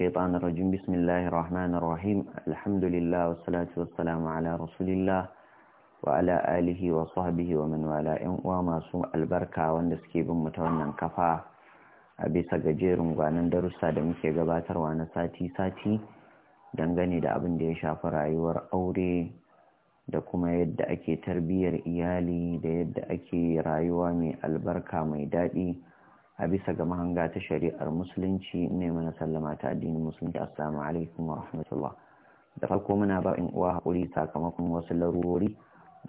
الشيطان الرجيم بسم الله الرحمن الرحيم الحمد لله والصلاة والسلام على رسول الله وعلى آله وصحبه ومن والاه وما سوء البركة واندسكي بمتوانا كفا أبي سجير وانا درسة دمكي قباتر وانا ساتي ساتي دنغني da abin da ya shafi rayuwar aure da kuma yadda ake tarbiyyar iyali da yadda ake rayuwa mai albarka mai daɗi a bisa ga mahanga ta shari'ar musulunci ne mana sallama ta addinin musulunci assalamu alaikum wa rahmatullah da farko muna ba in uwa haƙuri sakamakon wasu larurori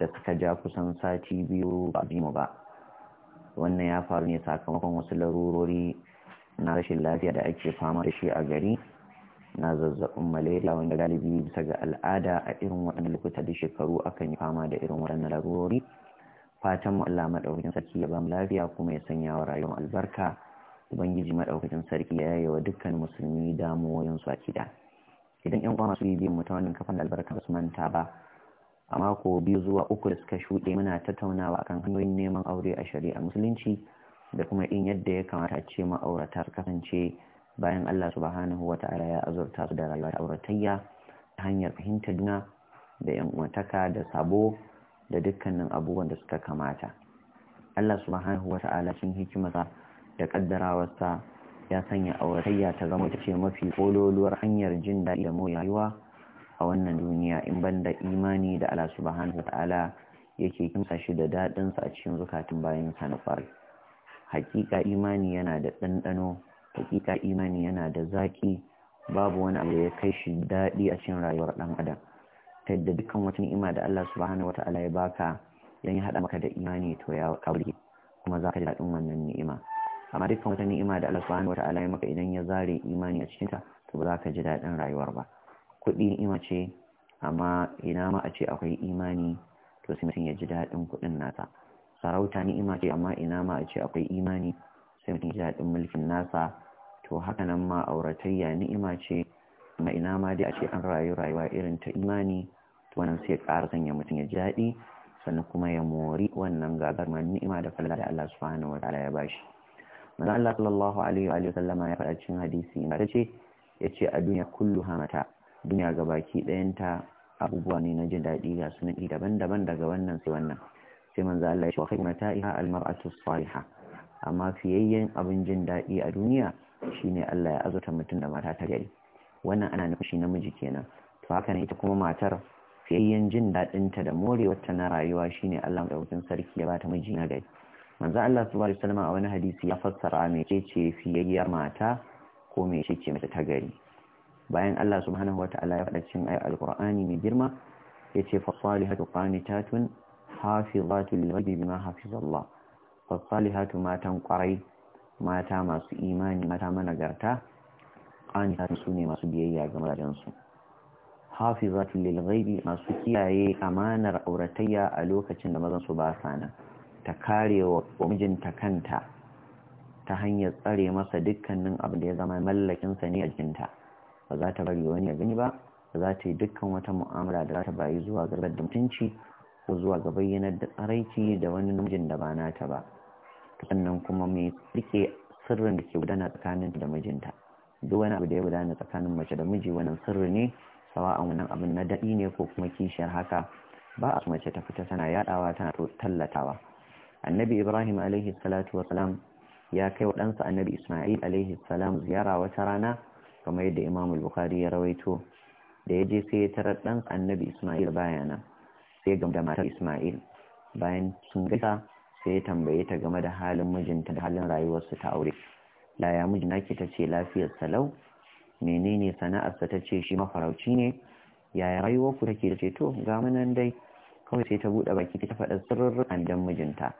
da suka ja kusan sati biyu ba bi mu ba wannan ya faru ne sakamakon wasu larurori na rashin lafiya da ake fama da shi a gari na zazzabin malaria wanda galibi bisa ga al'ada a irin waɗannan lokuta da shekaru akan yi fama da irin waɗannan larurori fatan mu Allah madaukakin sarki ya bamu lafiya kuma ya sanya wa rayuwar albarka ubangiji madaukakin sarki ya wa dukkan musulmi damuwoyin su a gida idan yan uwa masu biyan mu ta wannan kafan albarka su manta ba a mako biyu zuwa uku da suka shuɗe muna tattaunawa akan hanyoyin neman aure a shari'a musulunci da kuma in yadda ya kamata ce ma'aurata su kasance bayan Allah subhanahu wa ta'ala ya azurta su da rayuwa auratayya ta hanyar fahimtar juna da yan uwantaka da sabo da dukkanin abubuwan da suka kamata Allah subhanahu wa ta'ala sun hikimarsa da kaddarawarsa ya sanya auratayya ta zama ta ce mafi kololuwar hanyar jin daɗi da moya rayuwa a wannan duniya in ban da imani da Allah subhanahu wa ta'ala yake kimsa shi da daɗinsa a cikin zukatun bayan sa na fari hakika imani yana da ɗanɗano hakika imani yana da zaƙi babu wani abu da ya kai shi daɗi a cikin rayuwar ɗan adam ta yadda dukkan wata ni'ima da Allah subhanahu ta'ala ya baka dan ya hada maka da imani to ya kaure kuma za ka ji daɗin wannan ni'ima amma dukkan wata ni'ima da Allah subhanahu ta'ala ya maka idan ya zare imani a cikinta to ba za ka ji daɗin rayuwar ba kuɗi ni'ima ce amma ina ma a ce akwai imani to sai mutum ya ji daɗin kuɗin nasa sarauta ni'ima ce amma ina ma a ce akwai imani sai mutum ya ji daɗin mulkin nasa to haka nan ma auratayya ni'ima ce kuma ina ma dai a ce an rayu rayuwa irin ta imani wannan sai ƙara sanya mutum ya ji daɗi sannan kuma ya mori wannan gagar ma ni'ima da falala da Allah subhanahu wa ta'ala ya bashi manzo Allah sallallahu alaihi wa sallama ya faɗa cikin hadisi ina tace yace a duniya kulluha mata duniya gabaki ɗayanta abubuwa ne na jin daɗi ga sunan daban-daban daga wannan sai wannan sai manzo Allah ya ce wa khayru mata'iha al-mar'atu as-salihah amma fiyayyen abin jin daɗi a duniya shine Allah ya azurta mutum da mata ta gari wannan ana nufashi namiji kenan to haka ne ita kuma matar fiyayyen jin daɗinta da morewarta na rayuwa shine Allah madaukakin sarki ya bata miji na gari manzo Allah subhanahu wa a wani hadisi ya fassara me ce ce fiyayyar mata ko me ce ce mata ta gari bayan Allah subhanahu wa ta'ala ya faɗa cikin ayat alqur'ani mai girma yace fa salihatu qanitatun hafizatu lil ghaibi bima hafizallah fa salihatu matan qarai mata masu imani mata managarta ta su ne masu biyayya ga mazajensu hafizatul lil ghaibi masu kiyaye amanar auratayya a lokacin da mazansu ba sa nan ta kare wa mijinta kanta ta hanyar tsare masa dukkanin abin da ya zama mallakinsa ne a jikinta ba za ta bari wani ya gani ba ba za ta yi dukkan wata mu'amala da za ta bayi zuwa ga da mutunci ko zuwa ga bayyanar da tsaraici da wani namijin da ba nata ba sannan kuma mai rike sirrin da ke gudana tsakanin da mijinta duk wani abu da ya gudana tsakanin mace da miji wannan sirri ne sawa'an wannan abin na daɗi ne ko kuma kishiyar haka ba a mace ta fita tana yaɗawa tana tallatawa annabi ibrahim alaihi salatu wa salam ya kai wa ɗansa annabi isma'il alaihi salam ziyara wata rana kamar yadda imam bukhari ya rawaito da ya je sai ya tarar ɗansa annabi isma'il bayana sai ga da matar isma'il bayan sun gaisa sai ya tambaye ta game da halin mijinta da halin rayuwarsu ta aure laya miji naki ta ce lafiyar salau menene sana'arsa ta ce shi mafarauci ne yaya rayuwar ku take da ce to ga munan dai kawai sai ta bude baki ta faɗa sirrin dan mijinta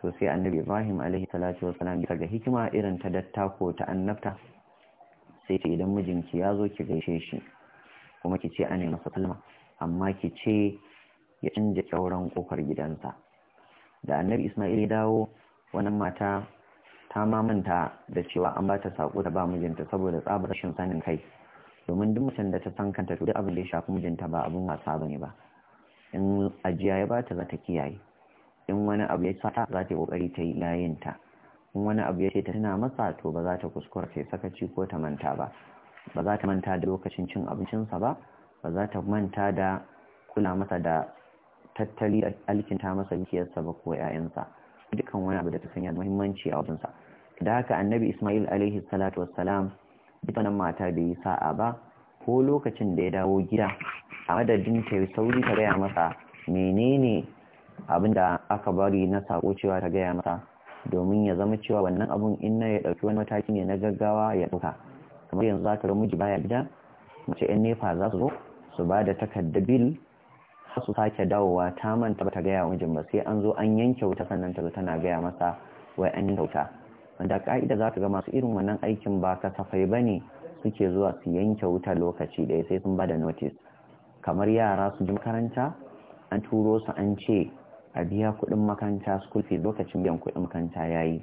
to sai annabi ibrahim alaihi salatu wasalam bisa ga hikima irin ta datta ko ta annabta sai ta idan mijinki ya zo ki gaishe shi kuma ki ce ana masa kalma amma ki ce ya canja kyauran kofar gidansa da annabi ismail ya dawo wannan mata ta ma manta da cewa an bata saƙo da ba mijinta saboda tsabar rashin sanin kai domin duk mutum da ta san kanta to duk abin da ya shafi mijinta ba abin wasa bane ba in ajiya ya bata za ta kiyaye in wani abu ya sata za ta yi kokari ta yi layin ta in wani abu ya ce ta tana masa to ba za ta kuskura ta sakaci ko ta manta ba ba za ta manta da lokacin cin abincinsa ba ba za ta manta da kula masa da tattali alkinta masa dukiyarsa ba ko 'ya'yansa dukkan wani abu da ta sanya muhimmanci a sa. da haka annabi ismail alaihi salatu wassalam ita nan mata bai yi sa'a ba ko lokacin da ya dawo gida a madadin ta sauri ta gaya masa menene abin da aka bari na sako cewa ta gaya masa domin ya zama cewa wannan abun in na ya ɗauki wani mataki ne na gaggawa ya ɗauka kamar yanzu za ka ga miji baya gida mace yan nefa za su zo su ba da takardar bil su sake dawowa ta manta ba ta gaya wa mijin ba sai an zo an yanke wuta sannan ta tana gaya masa wai an kyauta wanda ka'ida za ka ga masu irin wannan aikin ba kasafai ba ne suke zuwa su yanke wuta lokaci ɗaya sai sun bada notis, kamar yara su ji makaranta an turo su an ce a biya kuɗin makaranta school fees lokacin biyan kuɗin makaranta ya yi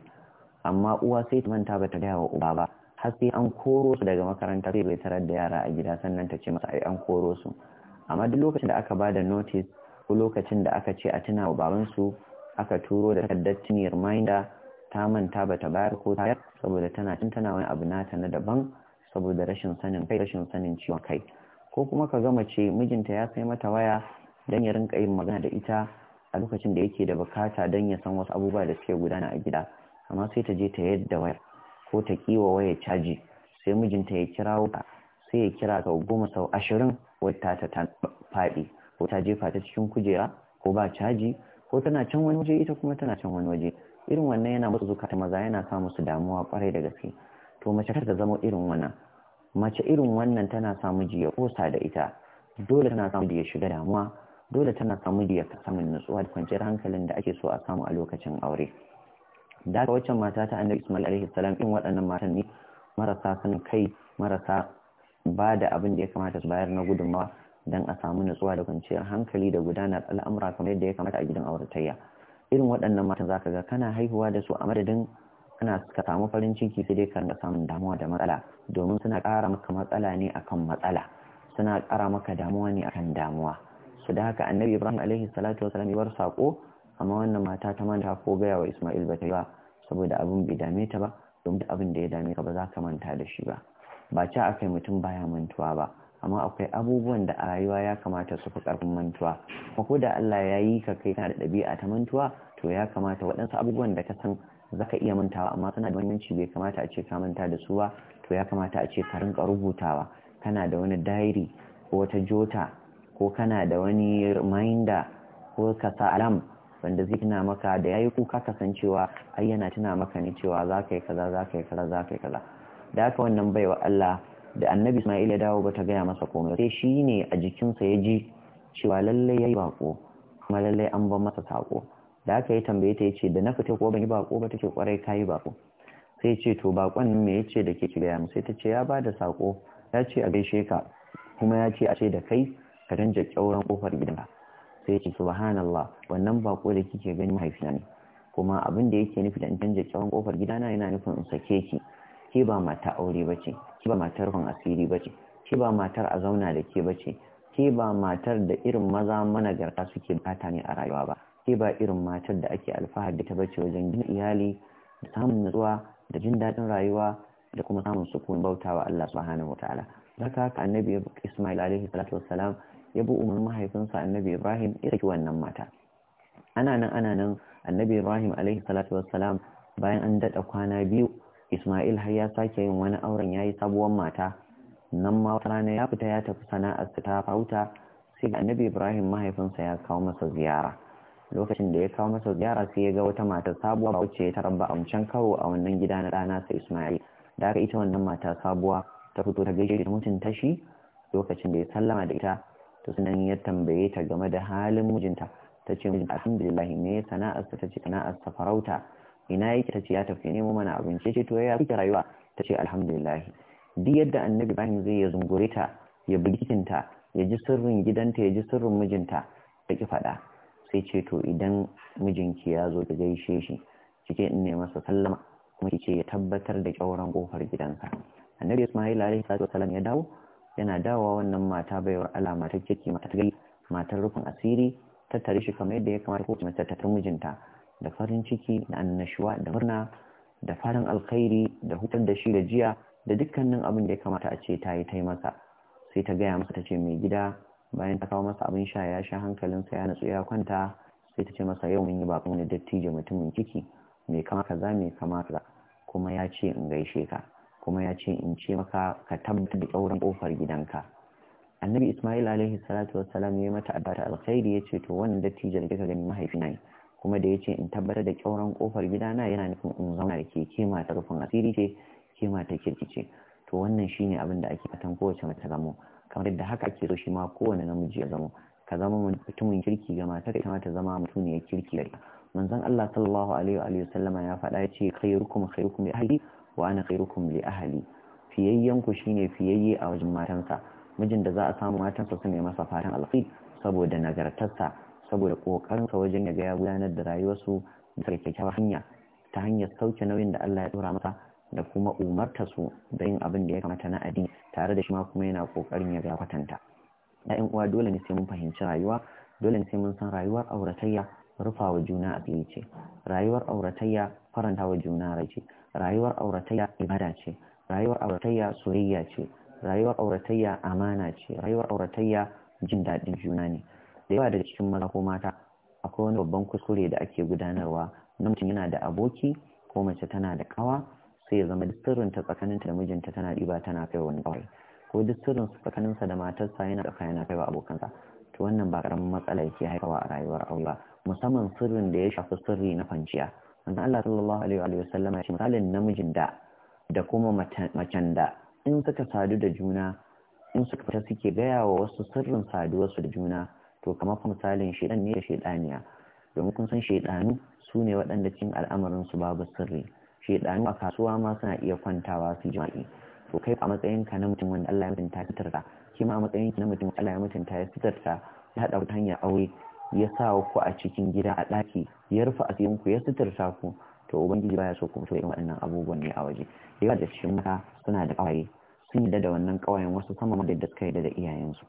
amma uwa sai ta manta ba ta gaya wa uba ba har sai an koro su daga makaranta sai bai tarar da yara a gida sannan ta ce masa ai an koro su amma duk lokacin da aka ba da notice ko lokacin da aka ce a tuna wa babansu aka turo da takardar tuni reminder ta manta ba ta bayar ko tayar saboda tana cin tana wani abu nata na daban saboda rashin sanin kai rashin sanin ciwon kai ko kuma ka gama ce mijinta ya sai mata waya don ya rinka yin magana da ita a lokacin da yake da bukata don ya san wasu abubuwa da suke gudana a gida amma sai ta je ta yadda waya ko ta kiwa waya caji sai mijinta ya kira ta sai ya kira sau goma sau ashirin wata ta ta faɗi ko ta jefa ta cikin kujera ko ba caji ko tana can wani waje ita kuma tana can wani waje irin wannan yana musu zukata maza yana sa musu damuwa kwarai da gaske to mace kar ta zama irin wannan mace irin wannan tana sa miji ya kosa da ita dole tana sa miji ya shiga damuwa dole tana sa miji ya samun nutsuwa da kwanciyar hankalin da ake so a samu a lokacin aure da ka waccan mata ta annabi Ismail alaihi salam in waɗannan matan ne marasa sanin kai marasa ba da abin da ya kamata su bayar na gudunmawa don a samu natsuwa da kwanciyar hankali da gudanar al'amura kamar yadda ya kamata a gidan auratayya irin waɗannan matan zaka ga kana haihuwa da su a madadin kana ka samu farin ciki sai dai kana samun damuwa da matsala domin suna ƙara maka matsala ne akan matsala suna ƙara maka damuwa ne akan damuwa su da haka annabi ibrahim alaihi salatu wa salam bar sako amma wannan mata ta manta ko gaya wa isma'il ba ta yi ba saboda abin bai dame ta ba domin abin da ya dame ka ba za ka manta da shi ba ba ci kai mutum baya mantuwa ba amma akwai abubuwan da a rayuwa ya kamata su fi karfin mantuwa kuma ko da Allah ya yi ka kai kana da ɗabi'a ta mantuwa to ya kamata waɗansu abubuwan da ka san zaka iya mantawa amma suna da muhimmanci bai kamata a ce ka manta da su ba to ya kamata a ce ka rinka rubutawa kana da wani da'iri ko wata jota ko kana da wani reminder ko ka sa alam wanda zai tuna maka da yayi kuka kasancewa ai yana tuna maka ne cewa za ka yi kaza za ka yi kaza za ka yi kaza da haka wannan baiwa Allah da annabi Ismail ya dawo bata gaya masa komai sai shi ne a jikinsa ya ji cewa lallai ya yi baƙo, kuma lallai an ban masa saƙo. da haka ya tambaye ta ya ce da na fita ko ban yi baƙo ba take kwarai ka yi baƙo. sai ce to baƙon me ya ce da ke ki gaya sai ta ce ya ba da sako ya ce a gaishe ka kuma ya ce a ce da kai ka danja ƙyauren ƙofar gidanka sai ce subhanallah wannan baƙo da kike gani mahaifina ne kuma abin da yake nufi da in canja ƙyauren kofar gidana yana nufin in sake ki ke ba mata aure ba ce ke ba matar asiri ba ce ke ba matar a zauna da ke ba ce ke ba matar da irin maza mana managarta suke bata ne a rayuwa ba ke ba irin matar da ake alfahari da ta bace wajen gina iyali da samun nutsuwa da jin daɗin rayuwa da kuma samun sukun bautawa Allah subhanahu wa ta'ala zaka haka annabi Ismail alaihi salatu wassalam ya bi umar mahaifinsa annabi Ibrahim ya saki wannan mata ana nan ana nan annabi Ibrahim alaihi salatu wassalam bayan an daɗa kwana biyu Ismail har ya sake yin wani auren ya yi sabuwar mata, nan ma wata rana ya fita ya tafi sana'ar sana'arsa ta fauta sai ga annabi Ibrahim mahaifinsa ya kawo masa ziyara. Lokacin da ya kawo masa ziyara sai ya ga wata mata sabuwa wacce ya tarabba a wancan karo a wannan gida na ɗana sa Ismail. Da aka ita wannan mata sabuwa ta fito ta gaishe da mutunta shi lokacin da ya sallama da ita to sunan ya tambaye ta game da halin mijinta ta ce mijinta alhamdulillahi ne sana'arsa ta ce sana'arsa farauta ina yake tace ya tafi nemo mana abinci ce to ya kike rayuwa Ta tace alhamdulillah duk yadda annabi Ibrahim zai ya zungure ta ya bugitinta ya ji sirrin gidanta ya ji sirrin mijinta da ki faɗa sai ce to idan mijinki ya zo da gaishe shi kike in ne masa sallama kuma kike ya tabbatar da kyauran kofar gidansa annabi Isma'il alaihi salatu wasallam ya dawo yana dawowa wannan mata baiwar alama ta kike matar gai matar rufin asiri tare shi kamar yadda ya kamata ko mace ta mijinta da farin ciki da annashuwa da murna da farin alkhairi da hutar da shi da jiya da dukkanin abin da ya kamata a ce ta yi ta yi masa sai ta gaya masa ta ce mai gida bayan ta kawo masa abin sha ya sha hankalinsa ya natsu ya kwanta sai ta ce masa yau mun yi bakon wani dattijo mutumin ciki mai kama kaza mai kama kaza kuma ya ce in gaishe ka kuma ya ce in ce maka ka tabbatar da tsauran ƙofar gidanka annabi ismail alaihi salatu salam ya mata addu'a alkhairi ya ce to wannan dattijo da kika gani mahaifi na ne kuma da ya ce in tabbatar da kyauran kofar gidana yana nufin in zauna da ke ke ta rufin asiri ce ke ta kirki ce to wannan shine abin da ake fatan kowace mace zamo kamar yadda haka ake so shi ma kowane namiji ya zamo ka zama mutumin kirki ga matar ita ma ta zama ya kirki gari manzon Allah sallallahu alaihi wa sallama ya faɗa ya ce khairukum khairukum li ahli wa ana khairukum li ahli fiyayyen ku shine fiyayye a wajen matansa mijin da za a samu matansa su ne masa fatan alkhairi saboda nagartarsa saboda ƙoƙarinsa wajen ya ga ya gudanar da rayuwarsu da kyakkyawar hanya ta hanyar sauke nauyin da Allah ya dora masa da kuma umarta su da yin abin da ya kamata na addini tare da shi ma kuma yana ƙoƙarin ya ga kwatanta ƴaƴan uwa dole ne sai mun fahimci rayuwa dole ne sai mun san rayuwar auratayya rufa wa juna a fili ce rayuwar auratayya faranta wa juna rai ce rayuwar auratayya ibada ce rayuwar auratayya soyayya ce rayuwar auratayya amana ce rayuwar auratayya jin daɗin juna ne da yawa daga cikin maza ko mata akwai wani babban kuskure da ake gudanarwa na mutum yana da aboki ko mace tana da kawa sai ya zama duk sirrinta tsakaninta da mijinta tana ɗiba tana kai wani kawai ko duk sirrin tsakaninsa da matarsa yana ɗauka na kai wa abokansa to wannan ba karamin matsala yake haifarwa a rayuwar aure ba musamman sirrin da ya shafi sirri na kwanciya wanda Allah sallallahu alaihi wa sallama ya ce misalin namijin da da kuma macen da in suka sadu da juna in suka fita suke gaya wa wasu sirrin saduwarsu da juna to kamar misalin shaidan ne da shaidaniya domin kun san shaidanu su ne waɗanda cin al'amarin su babu sirri shaidanu a kasuwa ma suna iya kwantawa su jima'i to kai a matsayin ka na mutum wanda Allah ya mutunta sitarta ma a matsayin ka na mutum Allah ya mutunta ya fitarta? ya haɗa wata hanyar aure ya sa ku a cikin gida a ɗaki ya rufe asirin ku ya fitarta ku to ubangiji baya so ku fito irin waɗannan abubuwan ne a waje yawa da cikin mata suna da ƙawaye sun yadda da wannan ƙawayen wasu sama da suka yadda da iyayensu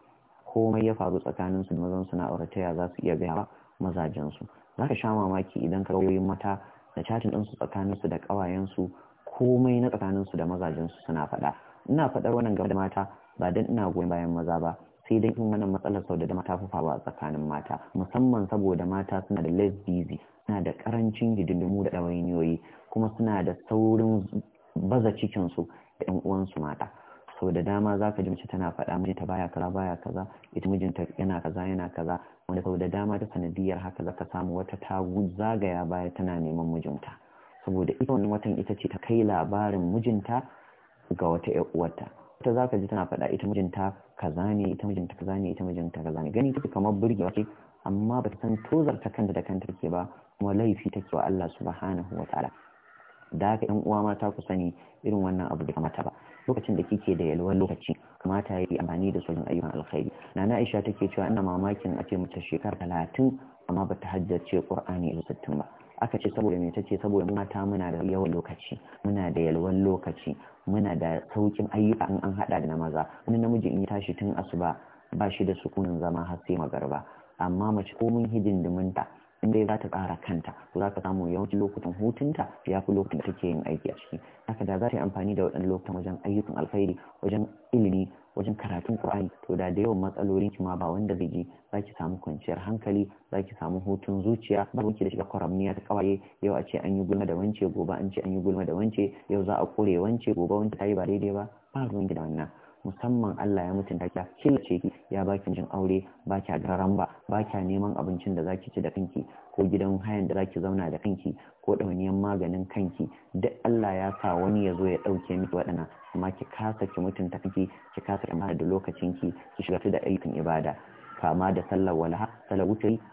komai ya faru tsakanin su mazan suna ya za su iya gaya ba mazajen su za ka sha mamaki idan ka rawoyin mata da chatin din su tsakanin su da kawayen su komai na tsakanin su da mazajen su suna faɗa ina faɗar wannan game da mata ba dan ina goyon bayan maza ba sai dai in wannan matsalar sau da mata faru faruwa tsakanin mata musamman saboda mata suna da less busy suna da karancin hidindimu da ɗawainiyoyi kuma suna da saurin baza cikin su da 'yan uwansu mata Sau da dama za ka ji mace tana faɗa mijinta baya kaza baya kaza ita mijinta yana kaza yana kaza wanda sau da dama ta sanadiyar haka za ka samu wata ta zagaya baya tana neman mijinta saboda ita wannan watan ita ce ta kai labarin mijinta ga wata ƴar uwarta ita za ka ji tana faɗa ita mijinta kaza ne ita mijinta kaza ne ita mijinta kaza ne gani take kamar burgewa ce amma ba ta san tozarta kanta da kanta take ba kuma laifi take wa Allah subhanahu wa ta'ala da haka ƴan uwa mata ku sani irin wannan abu bai kamata ba lokacin da kike da yalwar lokaci kamata ya yi amfani da sojin ayyukan alkhairi na na aisha take cewa ina mamakin a ce mace shekara talatin amma ba ta hajjace qur'ani da sittin ba aka ce saboda me tace saboda mata muna da yawan lokaci muna da yalwar lokaci muna da saukin ayyuka in an hada da na maza wani namiji in ya tashi tun asuba ba shi da sukunin zama har sai magarba amma mace komin hidindiminta dai za ta tsara kanta to za ka samu yawancin lokutan hutunta ya fi lokutan da take yin aiki a ciki haka da za ta yi amfani da waɗannan lokutan wajen ayyukan alkhairi wajen ilimi wajen karatun ƙur'ani to da da yawan matsalolin ki ma ba wanda zai ji za ki samu kwanciyar hankali za ki samu hutun zuciya ba wanki da shiga kwaramniya ta ƙawaye, yau a ce an yi gulma da wance gobe an ce an yi gulma da wance yau za a kore wance gobe wanda ta yi ba daidai ba ba ruwan da wannan musamman Allah ya mutunta ki killace ki ya baki jin aure ba kya garan ba ba kya neman abincin da zaki ci da kanki ko gidan hayan da zaki zauna da kanki ko ɗauniyan maganin kanki duk Allah ya sa wani ya zo ya ɗauke miki waɗannan amma ki kasa ki mutunta kanki ki kasa ki da lokacin ki ki shiga da ayyukan ibada kama da sallar walaha sallar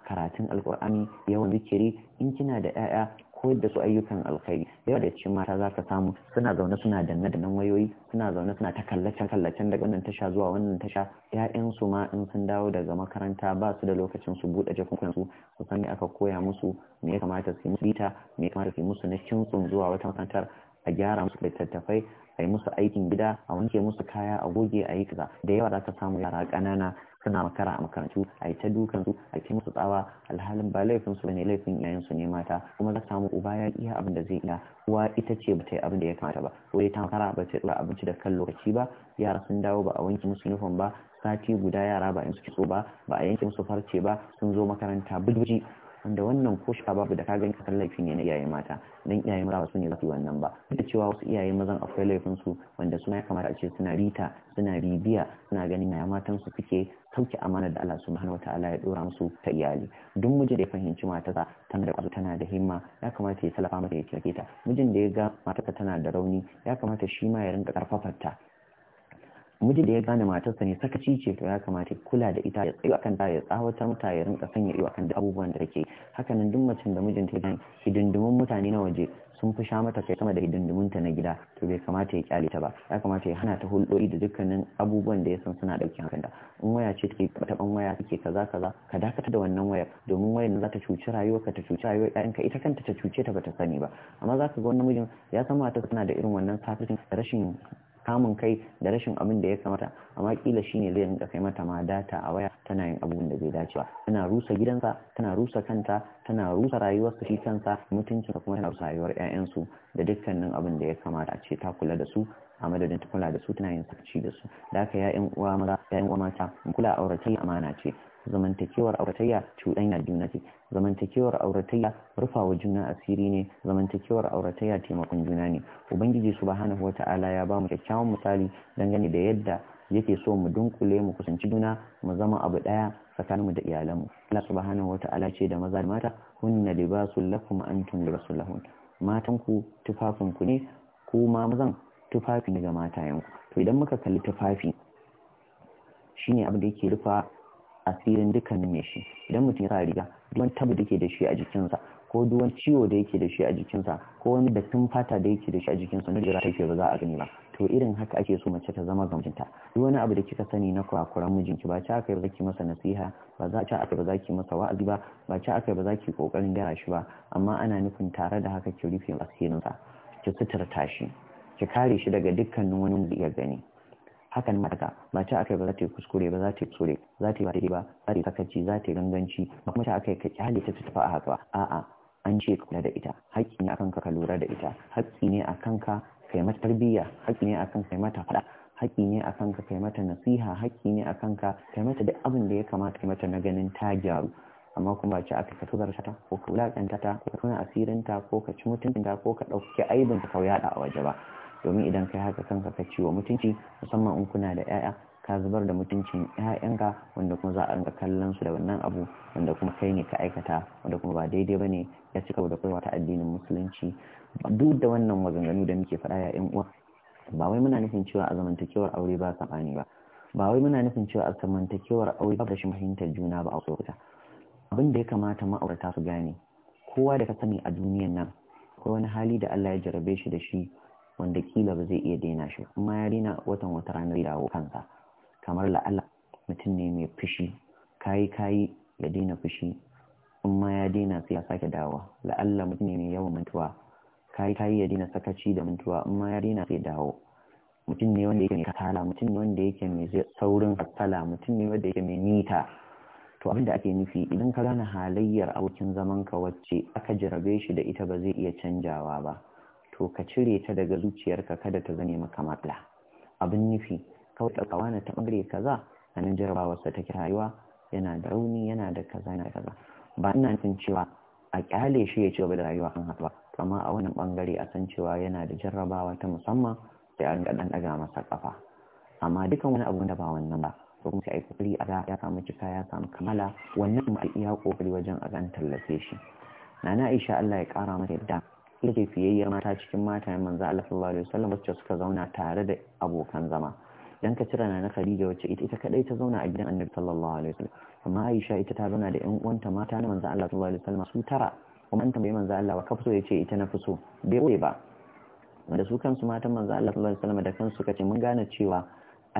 karatun alkur'ani yawan zikiri in kina da 'ya'ya koyar da su ayyukan alkhairi yawa da cikin mata za ka samu suna zaune suna danna da nan wayoyi suna zaune suna ta kallacen kallacen daga wannan tasha zuwa wannan tasha yayan su ma in sun dawo daga makaranta ba su da lokacin su buɗe jakunkunan su su san me aka koya musu me ya kamata su yi musu bita me ya kamata su yi musu na kintsun zuwa wata makarantar a gyara musu littattafai a yi musu aikin gida a wanke musu kaya a goge a yi kaza da yawa za ka samu yara ƙanana suna makara a makarantu a yi ta dukan su a yi musu tsawa alhalin ba laifin su ne laifin iyayen su ne mata kuma za samu uba ya iya abin da zai iya uwa ita ce ba ta yi abin da ya kamata ba wai ta makara ba ta dora abinci da kan lokaci ba yara sun dawo ba a wanke musu uniform ba sati guda yara ba in su kitso ba ba a yanke musu farce ba sun zo makaranta buji wanda wannan ko shi babu da ka gani akan laifi ne na iyaye mata dan iyaye maza su ne zafi wannan ba duk da cewa wasu iyaye mazan akwai laifin su wanda suna ya kamata a ce suna rita suna bibiya suna ganin yaya matan su suke sauke amana da Allah subhanahu wataala ya dora musu ta iyali duk mijin da ya fahimci matarsa tana da kwazo tana da himma ya kamata ya salafa mata ya kirkita mijin da ya ga matarsa tana da rauni ya kamata shi ma ya rinka karfafa ta miji da ya gane matarsa ne sakaci ce to ya kamata kula da ita ya tsayo akan ta ya tsawatar mata ya rinka sanya iyo akan da abubuwan da take haka nan duk macen da mijinta ya hidindimun mutane na waje sun fi sha mata kai sama da hidindimun ta na gida to bai kamata ya kyale ta ba ya kamata ya hana ta hulɗoyi da dukkanin abubuwan da ya san suna ɗauke hankali in waya ce take taban waya take kaza kaza ka dakata da wannan wayar domin wayar za ta cuci rayuwarka ta cuci rayuwar ƴaƴanka ita kanta ta cuce ta bata sani ba amma za ka ga wani mijin ya san mata suna da irin wannan safin rashin kamun kai da rashin abin da ya kamata amma kila shine zai rinka kai mata ma data a waya tana yin abubuwan da bai dace ba tana rusa gidansa tana rusa kanta tana rusa rayuwar shi kansa mutuncinsa kuma tana rusa rayuwar su da dukkanin abin da ya kamata a ce ta kula da su a madadin ta kula da su tana yin sakaci da su da haka ƴaƴan uwa maza ƴaƴan uwa mata kula auratayya amana ce zamantakewar auratayya cuɗanya juna ce zamantakewar auratayya rufawa juna asiri ne zamantakewar auratayya taimakon juna ne ubangiji subhanahu wata'ala ya ba mu kyakkyawan misali dangane da yadda yake so mu dunkule mu kusanci juna mu zama abu daya tsakaninmu da iyalanmu Allah subhanahu wata'ala ce da maza da mata hunna libasul lakum antum libasul lahun matan ku tufafin ku ne ma mazan tufafi ne ga matayen ku to idan muka kalli tufafi shine abin da yake rufa asirin dukkanin ya shi idan mutum ya sa riga duwan tabu da ke da shi a jikinsa ko duwan ciwo da yake da shi a jikinsa ko wani dattin fata da yake da shi a jikinsa na jira take ba za a gani ba to irin haka ake so mace ta zama ga mijinta duk wani abu da kika sani na kurakuran mijinki ba ta kai ba zaki masa nasiha ba za ta aka ba zaki masa wa'azi ba ba ta aka ba zaki kokarin gyara shi ba amma ana nufin tare da haka ki rufe asirinsa ki sutura tashi, ki kare shi daga dukkanin wani da iya gani hakan ma daga ba ta akai ba za ta yi kuskure ba za ta yi kuskure za ta yi ba ba za ta yi sakaci za ta yi ganganci ba kuma ta yi ka hali ta tafi a haka a'a an ce ka kula da ita haƙƙi ne akan ka ka lura da ita haƙƙi ne akan ka kai mata tarbiyya haƙƙi ne akan kai mata faɗa haƙƙi ne akan ka kai mata nasiha haƙƙi ne akan ka kai mata duk abin da ya kamata kai mata na ganin ta gyaru amma kuma ba ci aka ka tuzar ta ko ka wulaƙanta ta ko ka tuna asirinta ko ka ci mutuncinta ko ka ɗauki aibin ka yaɗa a waje ba domin idan kai haka kanka ka ciwo mutunci musamman in kuna da 'ya'ya ka zubar da mutuncin 'ya'yanka wanda kuma za a rinka kallon su da wannan abu wanda kuma kai ne ka aikata wanda kuma ba daidai bane ya cika da koyarwa ta addinin musulunci duk da wannan maganganu da muke faɗa ya 'yan uwa ba wai muna nufin cewa a zamantakewar aure ba sabani ba ba wai muna nufin cewa a zamantakewar aure ba rashin fahimtar juna ba a lokuta abin da ya kamata ma'aurata su gane kowa da ka sani a duniyan nan akwai wani hali da Allah ya jarabe shi da shi wanda kila ba zai iya daina shi kuma ya daina watan wata ranar ya dawo kansa kamar la'ala mutum ne mai fushi kayi kayi ya daina fushi in ma ya daina sai ya sake dawowa la'alla mutum ne mai yawan mantuwa kayi kayi ya daina sakaci da mantuwa in ma ya daina sai dawo mutum ne wanda yake mai kasala mutum ne wanda yake mai saurin kasala mutum ne wanda yake mai nita to abinda ake nufi idan ka gane halayyar abokin zaman ka wacce aka jarabe shi da ita ba zai iya canjawa ba to ka cire ta daga zuciyarka kada ta zane maka matsala abin nufi kawai ɗaukawa na ta ɓangare kaza a nan jarabawarsa take rayuwa yana da rauni yana da kaza yana kaza ba ina nufin cewa a kyale shi ya ci gaba da rayuwa kan haka amma a wannan bangare a san cewa yana da jarrabawa ta musamman sai an dan daga masa kafa amma dukan wani abu da ba wannan ba ko kuma sai kokari a ga ya samu cika ya samu kamala wannan ma iya kokari wajen a gan tallafe shi nana Aisha Allah ya kara mata yadda ita ce fiyayyar mata cikin matayen manzo Allah sallallahu alaihi wasallam wacce suka zauna tare da abokan zama dan ka cira na Khadija wacce ita ita kadai ta zauna a gidan Annabi sallallahu alaihi wasallam amma Aisha ita ta zauna da ƴan uwanta mata na manzo Allah sallallahu alaihi wasallam su tara kuma an tambaye manzo Allah wa kafso yace ita na fuso bai koyi ba da su kansu matan manzo Allah sallallahu alaihi wasallam da kansu suka ce mun gane cewa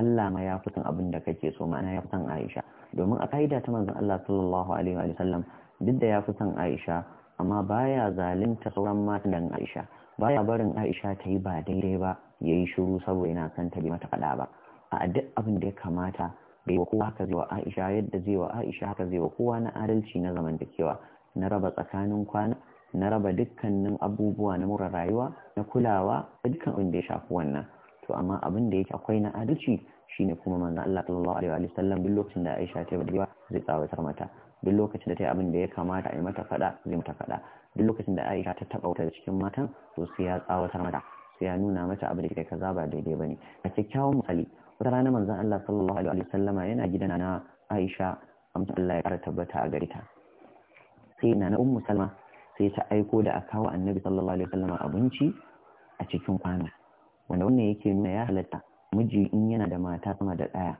Allah ma ya fitan abin da kake so ma'ana ya fitan Aisha domin a kaida ta manzo Allah sallallahu alaihi wasallam duk da ya fitan Aisha amma baya zalunta sauran matan dan Aisha baya barin Aisha ta yi ba daidai ba yayi shiru saboda yana son ta bi mata fada ba a duk abin da ya kamata bai wa kowa haka zai wa Aisha yadda zai wa Aisha haka zai wa kowa na adalci na zamantakewa na raba tsakanin kwana na raba dukkanin abubuwa na mura rayuwa na kulawa da dukkan abin da ya shafi wannan to amma abin da yake akwai na adalci shine kuma manzo Allah sallallahu alaihi wa sallam duk lokacin da Aisha ta bada zai tsawatar mata duk lokacin da ta yi abin da ya kamata a yi mata fada, zai mata fada. duk lokacin da aisha ta taɓa wuta cikin matan to sai ya tsawatar mata sai ya nuna mata abin da kai kaza ba daidai ba ne. a kyakkyawan misali wata rana manzon Allah sallallahu alaihi wa yana gidan na Aisha amma Allah ya kara tabbata a gare ta sai na na ummu Salma sai ta aiko da akawa annabi sallallahu alaihi wa abinci a cikin kwana wanda wannan yake nuna ya halatta miji in yana da mata sama da ɗaya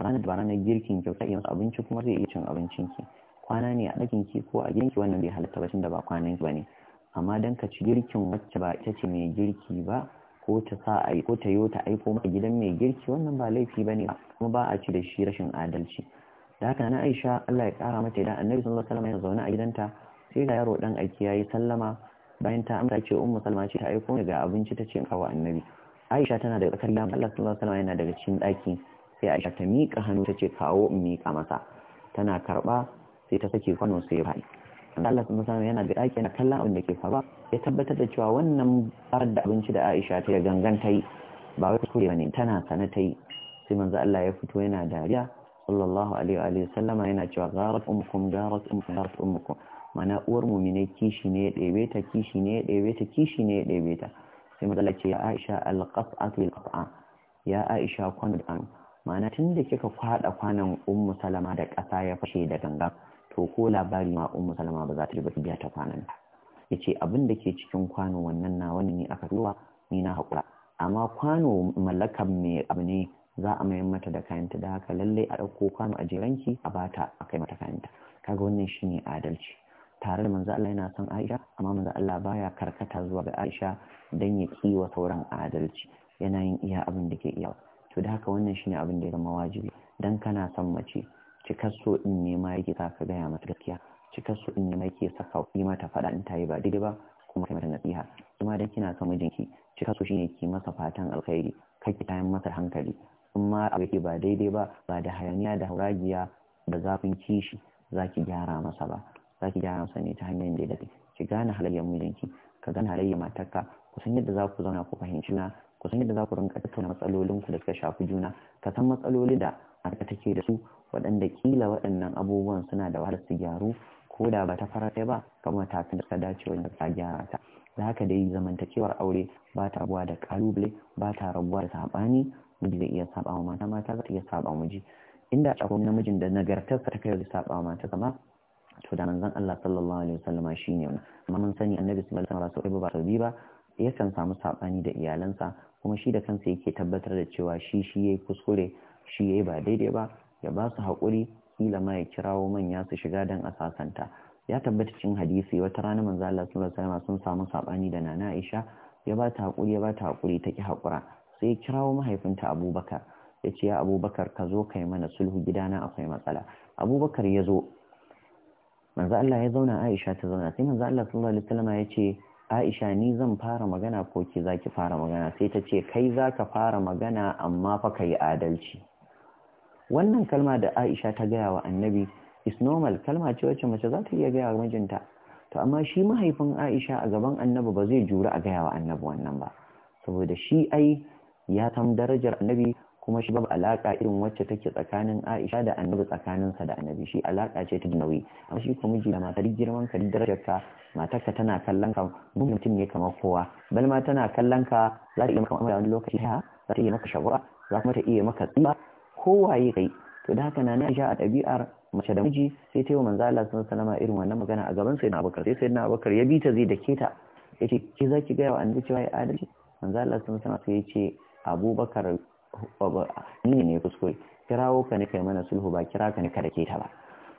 ranar da ba ranar girkin kyauta iya abinci kuma zai iya cin abincin ki kwana ne a ɗakin ki ko a gidan ki, wannan bai halatta ba da ba kwanan ba ne amma dan ka ci girkin wacce ba ita ce mai girki ba ko ta sa a ko ta yo ta aiko maka gidan mai girki wannan ba laifi ba kuma ba a ci da shi rashin adalci da haka na Aisha Allah ya kara mata idan Annabi sallallahu alaihi wasallam ya zaune a gidanta sai ga yaro dan aiki yayi sallama bayan ta amsa ce ummu Salma ce ta aiko ga abinci ta ce kawo Annabi Aisha tana da tsakar Allah sallallahu alaihi wasallam yana daga cikin daki sai aisha ta miƙa hannu ta ce kawo in miƙa masa tana karɓa sai ta sake kwanon sai ya faɗi Allah sun musamman yana da ɗaki yana kallon abin da ke faruwa ya tabbatar da cewa wannan farar da abinci da Aisha ta gangan ta yi ba wai kuskure bane tana sana ta yi sai manzo Allah ya fito yana dariya sallallahu alaihi wa sallama yana cewa garat ummukum garat ummukum garat ummukum mana uwar mu'mine kishi ne ya ɗebe ta kishi ne ya ɗebe ta kishi ne ya ɗebe ta sai manzo Allah ya ce ya Aisha alqas'atu alqas'a ya Aisha kwanu da ma'ana tun da kika kwaɗa kwanan ummu salama da ƙasa ya fashe da ganga to ko labari ma ummu salama ba za ta ba biya ta kwanan ya ce abin da ke cikin kwano wannan na wani ne aka ruwa ni na haƙura amma kwano mallakan mai abu ne za a mayar mata da kayanta da haka lallai a ɗauko kwano a jeranki a bata a kai mata kayanta kaga wannan shine adalci tare da manzo Allah yana son Aisha amma manzo Allah baya karkata zuwa ga Aisha dan ya kiwa sauran adalci yana yin iya abin da ke iya to da haka wannan shine abin da ya zama wajibi dan kana son mace cikar so in ne ma yake za ka gaya mata gaskiya cikar so in ne ma yake saka yi mata faɗa in ta yi ba daidai ba kuma kai mata nasiha kuma dan kina son mijinki cikar so shine ki masa fatan alkhairi kake tayan masa hankali in ma abu ba daidai ba ba da hayaniya da hauragiya da zafin kishi zaki gyara masa ba zaki gyara masa ne ta hanyar da ki gane halayyar mijinki ka gane halayyar matarka kusan yadda za ku zauna ku fahimci na ku san yadda za ku rinka tattauna matsalolinku da suka shafi juna ka san matsaloli da harka take da su waɗanda kila waɗannan abubuwan suna da wahalar su gyaru ko da ba ta fara ba ta matakan da suka dace wanda ta gyara ta da haka dai zamantakewar aure ba ta rabuwa da kalubale ba ta rabuwa da saɓani miji zai iya saɓa wa mata mata za ta iya saɓa wa miji inda a tsakon namijin da nagartarsa ta kai da saɓa wa mata kama to da manzon Allah sallallahu alaihi wasallama shine wannan amma mun sani annabi sallallahu alaihi wasallam ba sau biyu ba yakan samu saɓani da iyalansa kuma shi da kansa yake tabbatar da cewa shi shi ya yi kuskure shi ya yi ba daidai ba ya ba su haƙuri kila ma ya kirawo manya su shiga don a sasanta ya tabbata cin hadisi wata rana manzo Allah sallallahu alaihi sun samu saɓani da nana Aisha ya ba ta haƙuri ya ba ta haƙuri ta ki haƙura sai ya kirawo mahaifinta Abubakar ya ce ya Abubakar ka zo kai mana sulhu gidana akwai matsala Abubakar ya zo manzo Allah ya zauna Aisha ta zauna sai manzo Allah sallallahu alaihi ya ce Aisha ni zan fara magana ko ki za fara magana sai ta ce kai za ka fara magana amma fa ka yi adalci wannan kalma da Aisha ta gaya wa annabi is normal kalma ce wacce mace za ta iya gaya wa mijinta to amma shi mahaifin Aisha a gaban annabi ba zai jura a gaya wa annabi wannan ba saboda shi ai ya tam darajar annabi kuma shi babu alaka irin wacce take tsakanin Aisha da Annabi tsakaninsa da Annabi shi alaka ce ta nauyi amma shi kuma miji da mata duk girman ka duk darajar ka matarka tana kallon ka Mun mutum ne kamar kowa bal ma tana kallon ka za ta iya maka wani lokaci ha za ta iya maka shawara za kuma ta iya maka tsiba kowaye kai to da haka na Aisha a ɗabi'ar mace da miji sai ta yi wa manzo Allah sun salama irin wannan magana a gaban sai na Abubakar sai sai na Abubakar ya bi ta zai dake ta yace ki zaki ga wa annabi cewa ya adalci manzo Allah sun salama sai ya ce Abubakar ni ne kuskure kirawo ka ne kai mana sulhu ba kira ka ne kada ke ta ba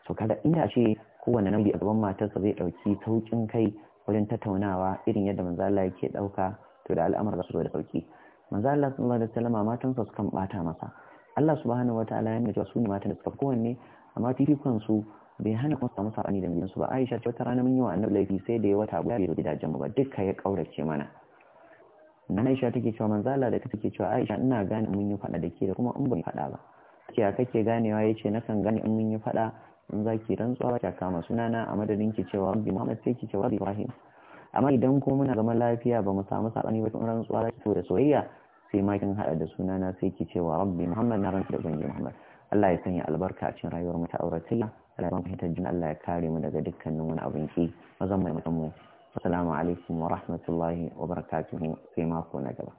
so kada ina ce kowane namiji a gaban matarsa zai dauki saukin kai wajen tattaunawa irin yadda manzo Allah yake dauka to da al'amarin su da sauki manzo Allah sallallahu alaihi wasallam matansa su kan bata masa Allah subhanahu wataala ya nuna su ne matan da suka fi kowanne amma fifikon su bai hana kuma samu sabani da mijinsu ba Aisha ce wata rana mun yi wa annabi laifi sai da ya wata guda da gidajen mu ba dukka ya kaurace mana na Aisha take cewa manzo Allah da take cewa Aisha ina gane mun yi fada da ke da kuma in ban fada ba take ya kake ganewa yace nakan gane in mun yi fada in zaki rantsuwa ta kama sunana a madadin ki cewa Rabbi Muhammad sai ki cewa Ibrahim amma idan ko muna zama lafiya ba mu samu sabani ba tun rantsuwa zaki to da soyayya sai ma kin hada da sunana sai ki cewa Rabbi Muhammad na rantsu da Ubangiji Muhammad Allah ya sanya albarka a cikin rayuwar mu ta auratayya Allah ya fahimtar jin Allah ya kare mu daga dukkanin wani abin ki mazan mai mutum Assalamu alaikum wa rahmatullahi wa barakatuhu sai mako na gaba.